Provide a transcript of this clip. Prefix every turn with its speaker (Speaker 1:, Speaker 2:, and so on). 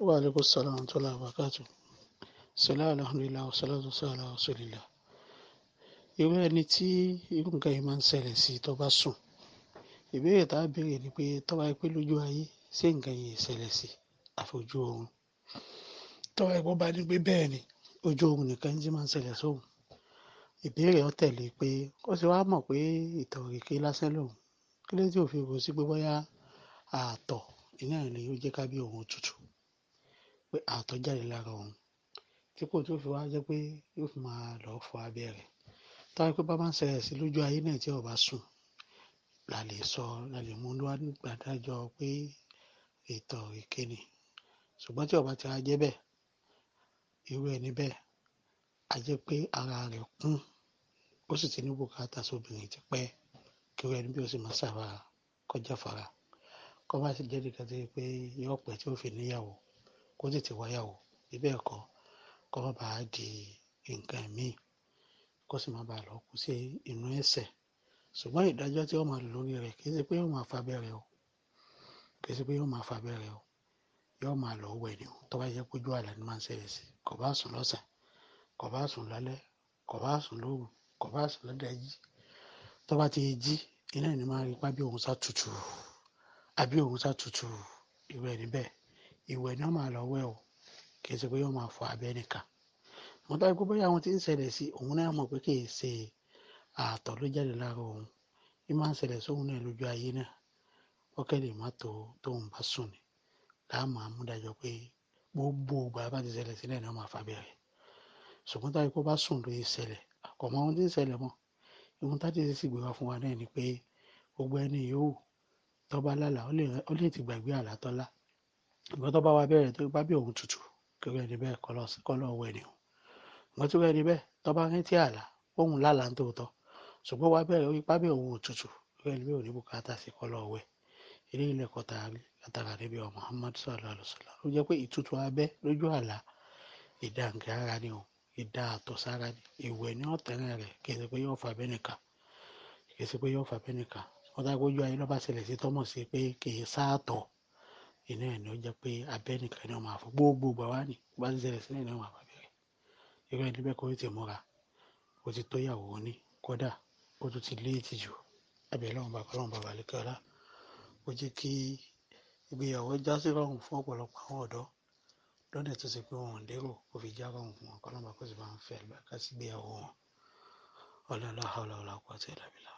Speaker 1: Wa alaikum salam wa rahmatullahi wa barakatuh. Sọlá alhamdulillah wa salatu wa salam wa rasulillah. ẹni tí nǹkan yìí máa ń ṣẹlẹ̀ sí tó sùn. Ìbéèrè tá a béèrè ni pé tó bá pé lójú ayé ṣé nǹkan yìí ṣẹlẹ̀ sí àfojú oorun. Tó bá bá ní pé bẹ́ẹ̀ ni ojú oorun nìkan jí máa ń ṣẹlẹ̀ sóhun. Ìbéèrè ọ tẹ̀lé pé ó ti wá mọ̀ pé ìtọ̀ òkèké lásán lòun. Kí ló dé òfin rò sí pé bóyá ààtọ̀ iná ni ó jẹ́ ká bí òun tutù pé àtọ̀ jáde lára òun tí kò tó fi wá jẹ́ pé yóò fi máa lọ́ọ́ fọ abẹ́ rẹ̀ táwọn pé bá máa ń ṣẹlẹ̀ sí lójú ayé náà tí ọba sùn la lè sọ la lè mú lọ́wọ́ nígbàdájọ́ pé ètò ìkíni ṣùgbọ́n tí ọba ti ra jẹ́ bẹ́ẹ̀ irú ẹni bẹ́ẹ̀ a jẹ́ pé ara rẹ̀ kún ó sì ti ní bùkátà sóbìnrin ti pẹ́ kí irú ẹni bí ó sì máa sábà kọjá fara kọ́ bá sì jẹ́ nìkan tó yẹ pé yọ tí ó fi níyàwó kó tètè wáyà o bíbẹ̀ ẹ̀kọ́ kó má bàa di nǹkan míì kó sì má bàa lọ kú sí inú ẹ̀ṣẹ̀ ṣùgbọ́n ìdájọ́ tí wọ́n máa lò lórí rẹ̀ kì í ṣe pé yóò máa fa abẹ́rẹ́ o kì í ṣe pé yóò máa fa abẹ́rẹ́ o yóò máa lọ wẹ̀ ni o tó bá yẹ kójú àlá ni máa ń ṣẹlẹ̀ sí kò bá sùn lọ́sàn kò bá sùn lálẹ́ kò bá sùn lóru kò bá sùn lọ́dẹ̀ẹ́jì tó bá ti jí iná ìní máa rí ipá òun sá tutù àbí òun sá tutù irú ẹni bẹ́ẹ̀ ìwẹ̀ náà máa lọ wẹ̀ o kì í ṣe pé yóò máa fọ abẹ́ nìkan mo dájú pé bóyá àwọn tí ń ṣẹlẹ̀ sí òun náà mọ̀ pé kì í ṣe ààtọ̀ ló jáde lára òun bí máa ń ṣẹlẹ̀ sóhun náà lójú ayé náà ọkẹ́ lè má tó tóun bá sùn ni láàmú amúdájọ pé gbogbo ìgbà bá ti ṣẹlẹ̀ sílẹ̀ náà máa fàbẹ̀rẹ̀ ṣùgbọ́n táyé kó bá sùn ló ṣẹlẹ̀ àkọ́mọ́ ohun tí ń ṣẹlẹ̀ mọ́ ohun tá ti sì gbéra fún wa náà ni pé gbogbo ẹni yòówù tọ́ba lálàá ó lè ti gbàgbé àlá ìgbọ́n tó bá wa bẹ̀rẹ̀ tó bá bí òun tutù kéré ẹni bẹ́ẹ̀ kọ́ lọ sí kọ́ o ìgbọ́n tó rẹ̀ ẹni bẹ́ẹ̀ tó bá rántí àlá òun lálàá ń tòótọ́ ṣùgbọ́n wa bẹ̀rẹ̀ orí pábẹ́ òun òtútù kéré ẹni bẹ́ẹ̀ ò bùkátà sí kọ́ lọ wẹ̀ eléyìí lẹ́kọ̀ọ́ tààrí látara níbi ọmọ Muhammad sallallahu alaihi wasallam ló jẹ́ pé ìtutù abẹ́ lójú àlá ìdá nǹkan ara ni o ìdá àtọ̀sára ni ìwẹ̀ ní ọ̀tẹ̀rẹ̀ rẹ̀ kì í ṣe pé yóò fà bẹ́ẹ̀ nìkan kì í ṣe pé yóò fà bẹ́ẹ̀ nìkan wọ́n dá gbójú ayé lọ́ba ṣẹlẹ̀ sí tọ́mọ̀ sí pé kì í sáàtọ̀ iná ẹ̀ ló jẹ́ pé abẹ́ nìkan ni wọ́n máa fọ́ gbogbo ìgbà wá ní bá ń ṣẹlẹ̀ sílẹ̀ náà wọ́n máa bẹ̀rẹ̀ irú ẹni bẹ́ẹ̀ kó tètè múra ó ti tó ìyàwó ní kódà ó tún ti lé ìtìjú ẹbẹ̀ lọ́wọ́n bàbá lọ́wọ́n bàbá lè kíọ́lá ó jẹ́ kí ìgbéyàwó já sí rọrùn fún ọ̀pọ̀lọpọ̀ àwọn ọ̀dọ́ lọ́dẹ̀ tó ṣe pé wọn ò lérò kó fi já rọrùn fún wọn kọ́lọ́mà kó sì bá ń fẹ́ àlùbáríkà sí ìgbéyàwó wọn ọlọ́lá ọlọ́lá kó àti ìlàbílà.